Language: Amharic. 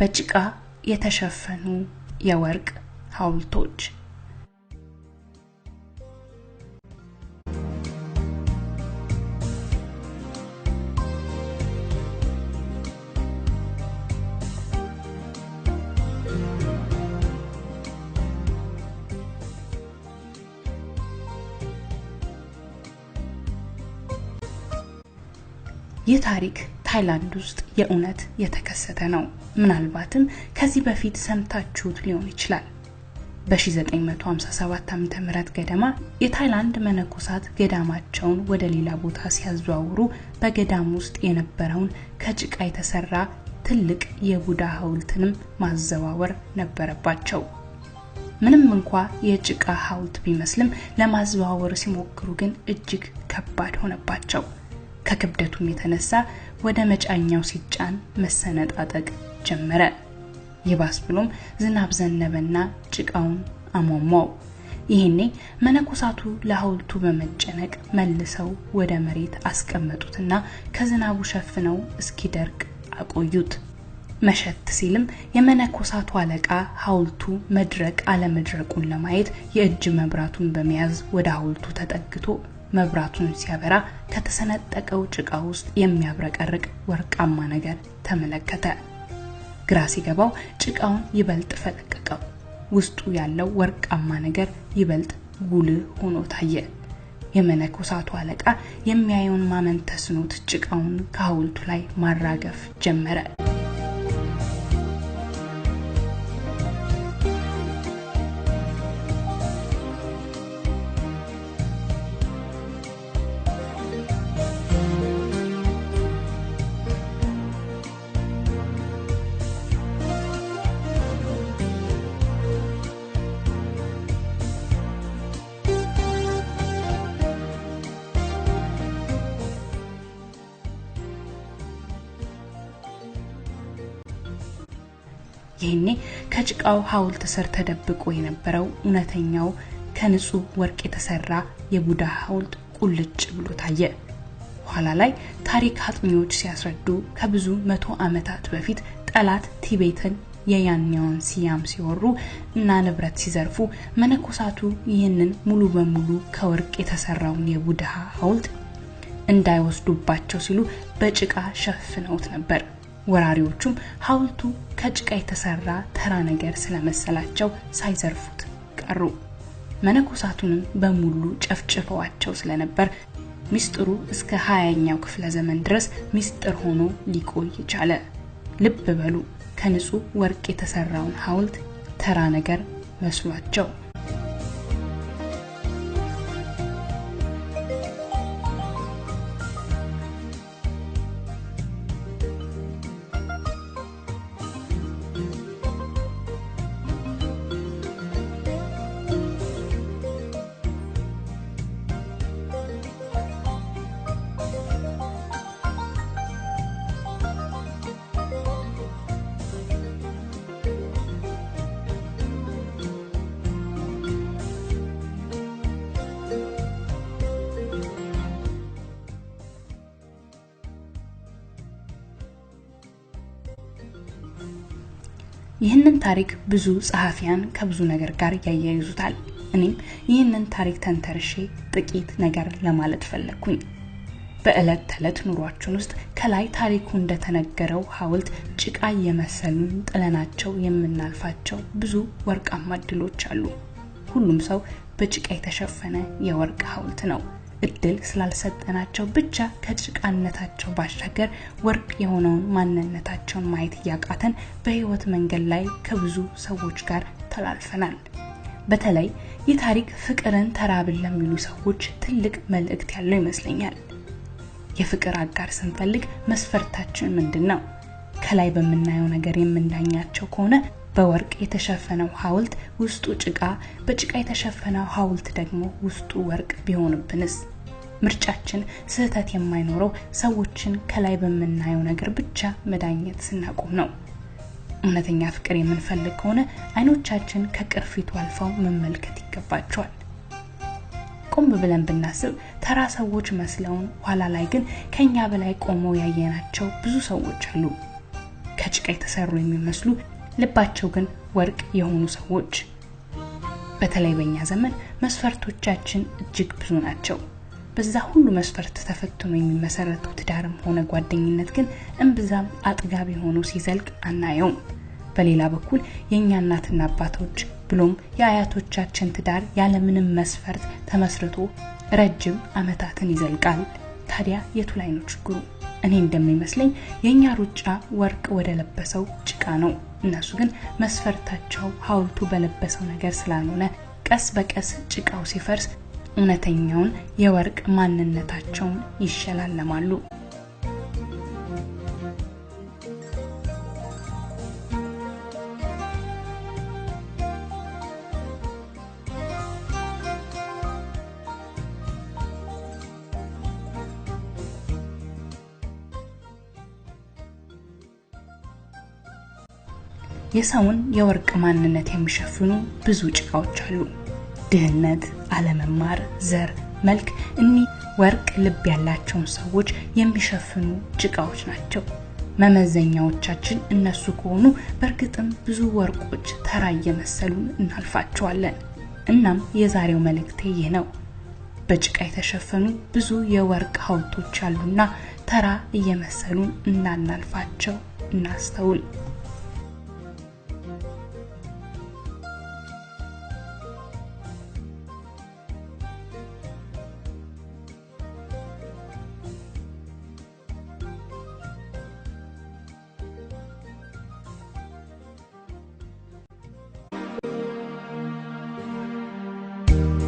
በጭቃ የተሸፈኑ የወርቅ ሐውልቶች ይህ ታሪክ ታይላንድ ውስጥ የእውነት የተከሰተ ነው። ምናልባትም ከዚህ በፊት ሰምታችሁት ሊሆን ይችላል። በ1957 ዓ.ም ገደማ የታይላንድ መነኮሳት ገዳማቸውን ወደ ሌላ ቦታ ሲያዘዋውሩ በገዳም ውስጥ የነበረውን ከጭቃ የተሰራ ትልቅ የቡዳ ሐውልትንም ማዘዋወር ነበረባቸው። ምንም እንኳ የጭቃ ሐውልት ቢመስልም ለማዘዋወር ሲሞክሩ ግን እጅግ ከባድ ሆነባቸው። ከክብደቱም የተነሳ ወደ መጫኛው ሲጫን መሰነጣጠቅ ጀመረ። ይባስ ብሎም ዝናብ ዘነበና ጭቃውን አሟሟው። ይህኔ መነኮሳቱ ለሐውልቱ በመጨነቅ መልሰው ወደ መሬት አስቀመጡትና ከዝናቡ ሸፍነው እስኪደርቅ አቆዩት። መሸት ሲልም የመነኮሳቱ አለቃ ሐውልቱ መድረቅ አለመድረቁን ለማየት የእጅ መብራቱን በመያዝ ወደ ሐውልቱ ተጠግቶ መብራቱን ሲያበራ ከተሰነጠቀው ጭቃ ውስጥ የሚያብረቀርቅ ወርቃማ ነገር ተመለከተ። ግራ ሲገባው ጭቃውን ይበልጥ ፈለቀቀው። ውስጡ ያለው ወርቃማ ነገር ይበልጥ ጉልህ ሆኖ ታየ። የመነኮሳቱ አለቃ የሚያየውን ማመን ተስኖት ጭቃውን ከሐውልቱ ላይ ማራገፍ ጀመረ። ይህኔ ከጭቃው ሐውልት ስር ተደብቆ የነበረው እውነተኛው ከንጹህ ወርቅ የተሰራ የቡዳ ሐውልት ቁልጭ ብሎ ታየ። ኋላ ላይ ታሪክ አጥኚዎች ሲያስረዱ ከብዙ መቶ ዓመታት በፊት ጠላት ቲቤትን የያኔውን ሲያም ሲወሩ እና ንብረት ሲዘርፉ መነኮሳቱ ይህንን ሙሉ በሙሉ ከወርቅ የተሰራውን የቡድሃ ሐውልት እንዳይወስዱባቸው ሲሉ በጭቃ ሸፍነውት ነበር። ወራሪዎቹም ሐውልቱ ከጭቃ የተሰራ ተራ ነገር ስለመሰላቸው ሳይዘርፉት ቀሩ። መነኮሳቱንም በሙሉ ጨፍጭፈዋቸው ስለነበር ሚስጥሩ እስከ ሀያኛው ክፍለ ዘመን ድረስ ሚስጥር ሆኖ ሊቆይ ቻለ። ልብ በሉ፣ ከንጹህ ወርቅ የተሰራውን ሐውልት ተራ ነገር መስሏቸው ይህንን ታሪክ ብዙ ጸሐፊያን ከብዙ ነገር ጋር ያያይዙታል። እኔም ይህንን ታሪክ ተንተርሼ ጥቂት ነገር ለማለት ፈለግኩኝ። በዕለት ተዕለት ኑሯችን ውስጥ ከላይ ታሪኩ እንደተነገረው ሐውልት ጭቃ እየመሰሉን ጥለናቸው የምናልፋቸው ብዙ ወርቃማ እድሎች አሉ። ሁሉም ሰው በጭቃ የተሸፈነ የወርቅ ሐውልት ነው። እድል ስላልሰጠናቸው ብቻ ከጭቃነታቸው ባሻገር ወርቅ የሆነውን ማንነታቸውን ማየት እያቃተን በህይወት መንገድ ላይ ከብዙ ሰዎች ጋር ተላልፈናል። በተለይ ይህ ታሪክ ፍቅርን ተራብን ለሚሉ ሰዎች ትልቅ መልእክት ያለው ይመስለኛል። የፍቅር አጋር ስንፈልግ መስፈርታችን ምንድን ነው? ከላይ በምናየው ነገር የምንዳኛቸው ከሆነ በወርቅ የተሸፈነው ሐውልት ውስጡ ጭቃ፣ በጭቃ የተሸፈነው ሐውልት ደግሞ ውስጡ ወርቅ ቢሆንብንስ? ምርጫችን ስህተት የማይኖረው ሰዎችን ከላይ በምናየው ነገር ብቻ መዳኘት ስናቆም ነው። እውነተኛ ፍቅር የምንፈልግ ከሆነ አይኖቻችን ከቅርፊቱ አልፈው መመልከት ይገባቸዋል። ቆም ብለን ብናስብ ተራ ሰዎች መስለውን፣ ኋላ ላይ ግን ከኛ በላይ ቆመው ያየናቸው ብዙ ሰዎች አሉ። ከጭቃ የተሰሩ የሚመስሉ ልባቸው ግን ወርቅ የሆኑ ሰዎች በተለይ በእኛ ዘመን መስፈርቶቻችን እጅግ ብዙ ናቸው። በዛ ሁሉ መስፈርት ተፈትኖ የሚመሰረቱ ትዳርም ሆነ ጓደኝነት ግን እምብዛም አጥጋቢ ሆኖ ሲዘልቅ አናየውም። በሌላ በኩል የእኛ እናትና አባቶች ብሎም የአያቶቻችን ትዳር ያለምንም መስፈርት ተመስርቶ ረጅም አመታትን ይዘልቃል። ታዲያ የቱ ላይ ነው ችግሩ? እኔ እንደሚመስለኝ የእኛ ሩጫ ወርቅ ወደ ለበሰው ጭቃ ነው። እነሱ ግን መስፈርታቸው ሐውልቱ በለበሰው ነገር ስላልሆነ ቀስ በቀስ ጭቃው ሲፈርስ እውነተኛውን የወርቅ ማንነታቸውን ይሸላለማሉ። የሰውን የወርቅ ማንነት የሚሸፍኑ ብዙ ጭቃዎች አሉ። ድህነት፣ አለመማር፣ ዘር፣ መልክ እኒህ ወርቅ ልብ ያላቸውን ሰዎች የሚሸፍኑ ጭቃዎች ናቸው። መመዘኛዎቻችን እነሱ ከሆኑ በእርግጥም ብዙ ወርቆች ተራ እየመሰሉን እናልፋቸዋለን። እናም የዛሬው መልእክቴ ይህ ነው። በጭቃ የተሸፈኑ ብዙ የወርቅ ሐውልቶች አሉና ተራ እየመሰሉን እናናልፋቸው። እናስተውል። you.